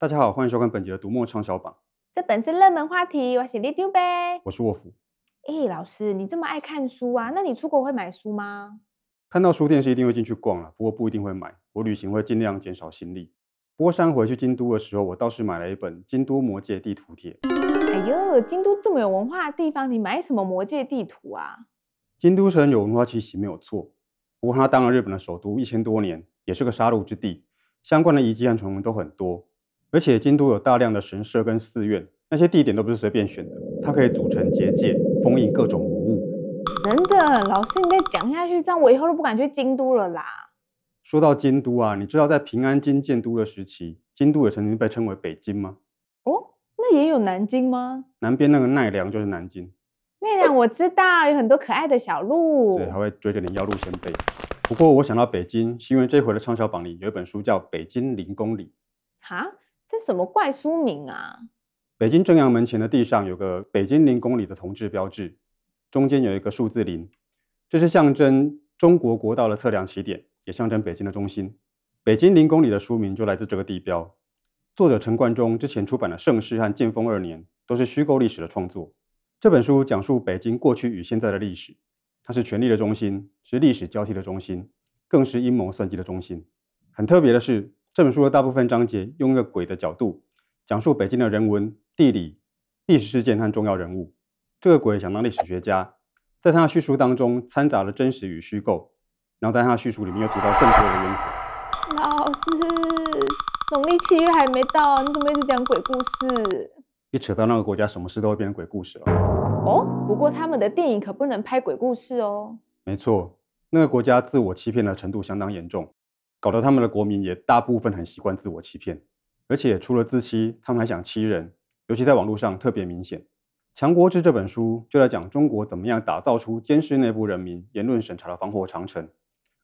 大家好，歡迎收看本集的《讀墨暢銷榜》。這本是熱門話題，我寫 l 丟唄。我是沃夫。咦，老師，你這麼愛看書啊？那你出國會買書嗎？看到書店是一定會進去逛了，啊，不過不一定會買。我旅行會盡量減少行李。不過上回去京都的時候，我倒是買了一本《京都魔界地圖帖》哎。哎喲，京都這麼有文化的地方，你買什麼魔界地圖啊？京都城有文化其實沒有錯，不過它當了日本的首都一千多年，也是個殺戮之地，相關的遺跡和傳聞都很多。而且京都有大量的神社跟寺院，那些地點都不是隨便選的，它可以組成結界，封印各種魔物，物。真的，老師你再講下去，這樣我以後都不敢去京都了啦。說到京都啊，你知道在平安京建都的時期，京都也曾經被稱為北京嗎？哦，那也有南京嗎？南邊那個奈良就是南京。奈良我知道，有很多可愛的小鹿，對，它會追着你要鹿仙貝。不過我想到北京，是因為這回的暢銷榜裡有一本書叫《北京零公里》。哈？這什麼怪書名啊！北京正陽門前的地上有個北京零公里的銅製標誌，中間有一個數字零，這是象徵中國國道的測量起點，也象徵北京的中心。北京零公里的書名就來自這個地標。作者陳冠中之前出版的《盛世》和《建豐二年》，都是虛構歷史的創作。這本書講述北京過去與現在的歷史，它是權力的中心，是歷史交替的中心，更是陰謀算計的中心。很特別的是。這本書的大部分章節用一個鬼的角度，講述北京的人文、地理、歷史事件和重要人物。這個鬼想當歷史學家，在他的敘述當中摻雜了真實與虛構，然後在他的敘述裡面又提到更多的因果。老師，農曆七月還沒到，你怎麼一直講鬼故事？一扯到那個國家，什麼事都會變成鬼故事了。哦，不過他們的電影可不能拍鬼故事哦。沒錯，那個國家自我欺騙的程度相當嚴重。搞得他們的國民也大部分很習慣自我欺騙，而且除了自欺，他們還想欺人，尤其在網絡上特別明顯。《牆國誌》這本書就來講中國怎麼樣打造出監視內部人民、言論審查的防火長城，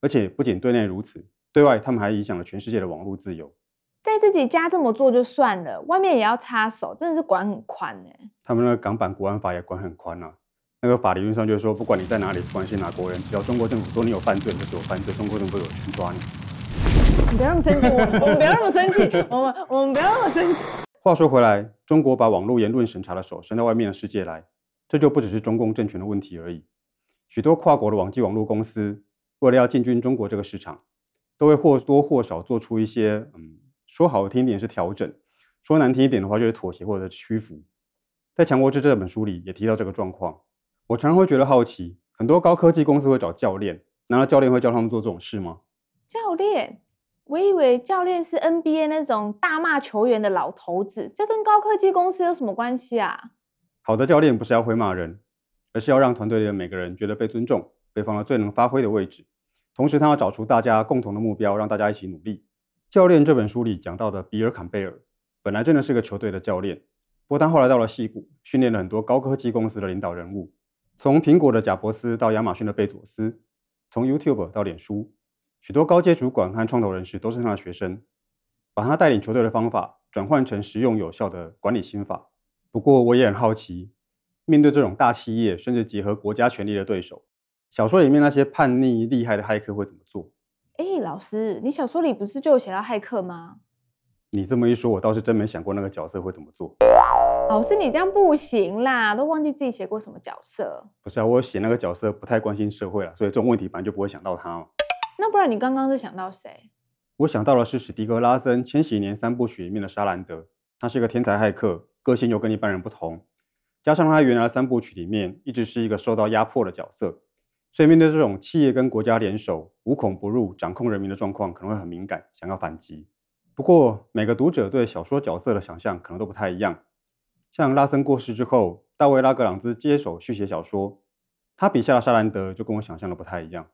而且不僅對內如此，對外他們還影響了全世界的網絡自由。在自己家這麼做就算了，外面也要插手，真的是管很寬呢。他們那個港版國安法也管很寬啊，那個法理論上就是說，不管你在哪裡，關心哪國人，只要中國政府說你有犯罪，你就有犯罪，中國政府有權抓你。不要那麼生氣， 我們不要那麼生氣，我們我們不要那麼生氣。話說回來，中國把網絡言論審查的手伸到外面的世界來，這就不只是中共政權的問題而已。許多跨國的網際網絡公司，為了要進軍中國這個市場，都會或多或少做出一些，嗯，說好聽一點是調整，說難聽一點的話就是妥協或者屈服。在《牆國誌》這本書裡也提到這個狀況。我常常會覺得好奇，很多高科技公司會找教練，難道教練會教他們做這種事嗎？教練。我以為教練是 NBA 那種大罵球員的老頭子，這跟高科技公司有什麼關係啊？好的教練不是要會罵人，而是要讓團隊裡的每個人覺得被尊重，被放到最能發揮的位置。同時，他要找出大家共同的目標，讓大家一起努力。教練這本書裡講到的比爾·坎貝爾，本來真的是個球隊的教練，不過他後來到了矽谷，訓練了很多高科技公司的領導人物，從蘋果的賈伯斯到亞馬遜的貝佐斯，從 YouTube 到臉書。許多高階主管和創投人士都是他的學生，把他帶領球隊的方法轉換成實用有效的管理心法。不過我也很好奇，面對這種大企業甚至結合國家權力的對手，小說裡面那些叛逆厲害的駭客會怎麼做？哎、欸，老師，你小說裡不是就有寫到駭客嗎？你這麼一說，我倒是真沒想過那個角色會怎麼做。老師，你這樣不行啦，都忘記自己寫過什麼角色。不是啊，我寫那個角色不太關心社會啦，所以這種問題反正就不會想到他了。那不然你剛剛在想到誰？我想到的是史蒂格拉森《千禧年三部曲》裡面的沙蘭德，他是一個天才駭客，個性又跟一般人不同，加上他原來的三部曲裡面一直是一個受到壓迫的角色，所以面對這種企業跟國家聯手無孔不入掌控人民的狀況，可能會很敏感，想要反擊。不過每個讀者對小說角色的想象可能都不太一樣。像拉森過世之後，大衛拉格朗茲接手續寫小說，他筆下的沙蘭德就跟我想象的不太一樣。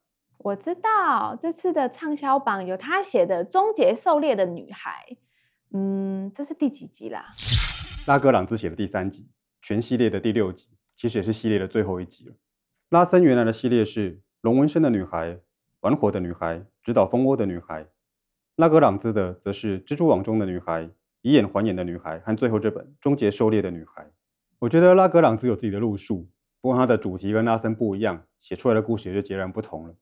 我知道這次的暢銷榜有他寫的《終結狩獵的女孩》，嗯，這是第幾集啦？拉格朗茲寫的第三集，全系列的第六集，其實也是系列的最後一集了。拉森原來的系列是《龍紋身的女孩》《玩火的女孩》、《直搗蜂窩的女孩》，拉格朗茲的則是《蜘蛛網中的女孩》、《以眼還眼的女孩》和最後這本《終結狩獵的女孩》。我覺得拉格朗茲有自己的路數，不過他的主題跟拉森不一樣，寫出來的故事也就截然不同了。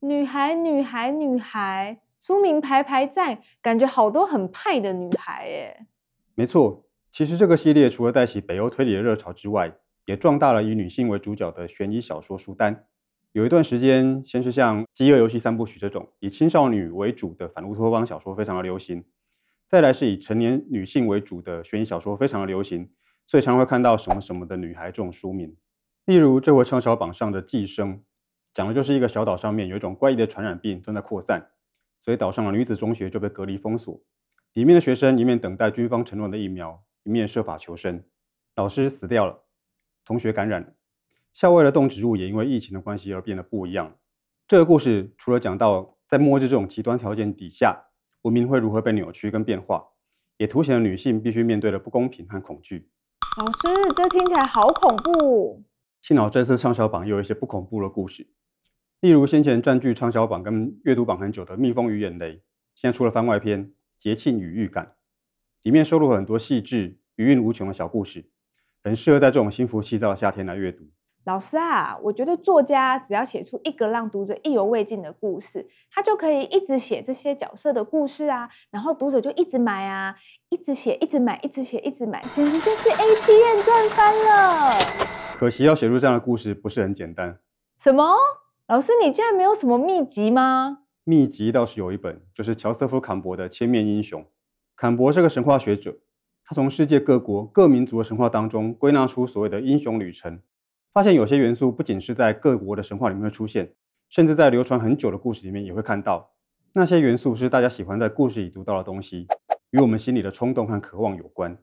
女孩，女孩，女孩，書名排排站，感覺好多很派的女孩耶。沒錯，其實這個系列除了帶起北歐推理的熱潮之外，也壯大了以女性為主角的懸疑小說書單。有一段時間，先是像《飢餓遊戲》三部曲這種以青少女為主的反烏托邦小說非常的流行；再來是以成年女性為主的懸疑小說非常的流行，所以常會看到什麼什麼的女孩這種書名，例如這回暢銷榜上的《寄生》。講的就是一個小島上面有一種怪異的傳染病正在擴散，所以島上的女子中學就被隔離封鎖，裡面的學生一面等待軍方承諾的疫苗，一面設法求生。老師死掉了，同學感染了，校外的動植物也因為疫情的關係而變得不一樣。這個故事除了講到在末日這種極端條件底下，文明會如何被扭曲跟變化，也凸顯了女性必須面對的不公平和恐懼。老師，這聽起來好恐怖。幸好這次暢銷榜又有一些不恐怖的故事。例如先前佔據暢銷榜跟閱讀榜很久的《蜜蜂與眼淚》，現在出了番外篇《節慶與預感》，裡面收錄了很多細緻、餘韻無窮的小故事，很適合在這種心浮氣躁的夏天來閱讀。老師啊，我覺得作家只要寫出一個讓讀者意猶未盡的故事，他就可以一直寫這些角色的故事啊，然後讀者就一直買啊，一直寫，一直買，一直寫，一直買，簡直就是 ATM 賺翻了。可惜要寫出這樣的故事不是很簡單。什麼？老師，你竟然沒有什麼秘籍嗎？秘籍倒是有一本，就是喬瑟夫·坎伯的《千面英雄》。坎伯是個神話學者，他從世界各國各民族的神話當中歸納出所謂的英雄旅程，發現有些元素不僅是在各國的神話裡面會出現，甚至在流傳很久的故事裡面也會看到。那些元素是大家喜歡在故事裡讀到的東西，與我們心裡的衝動和渴望有關。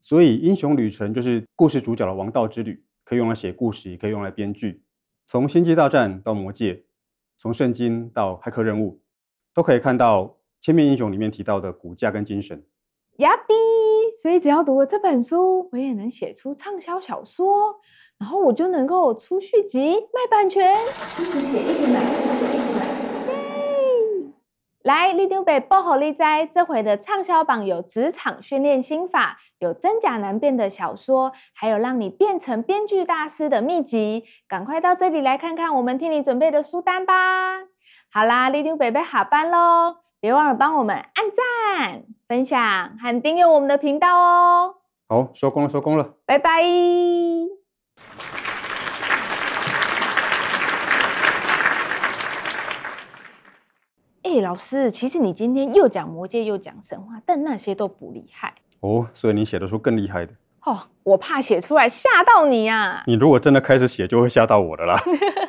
所以，英雄旅程就是故事主角的王道之旅，可以用來寫故事，也可以用來編劇。從星際大戰到魔戒》，從聖經到駭客任務，都可以看到《千面英雄》裡面提到的骨架跟精神。呀，逼！所以只要讀了這本書，我也能寫出暢銷小說，然後我就能夠出續集、賣版權。來，麗牛北播好麗齋，這回的暢銷榜有職場訓練心法，有真假難辨的小說，還有讓你變成編劇大師的秘籍。趕快到這裡來看看我們替你準備的書單吧！好啦，麗牛北北下班嘍，別忘了幫我們按讚、分享和訂閱我們的頻道哦。好，收工了，收工了，拜拜。欸、老師，其實你今天又講魔戒又講神話，但那些都不厲害哦。所以你寫的書更厲害的哦。我怕寫出來嚇到你啊。你如果真的開始寫，就會嚇到我的啦。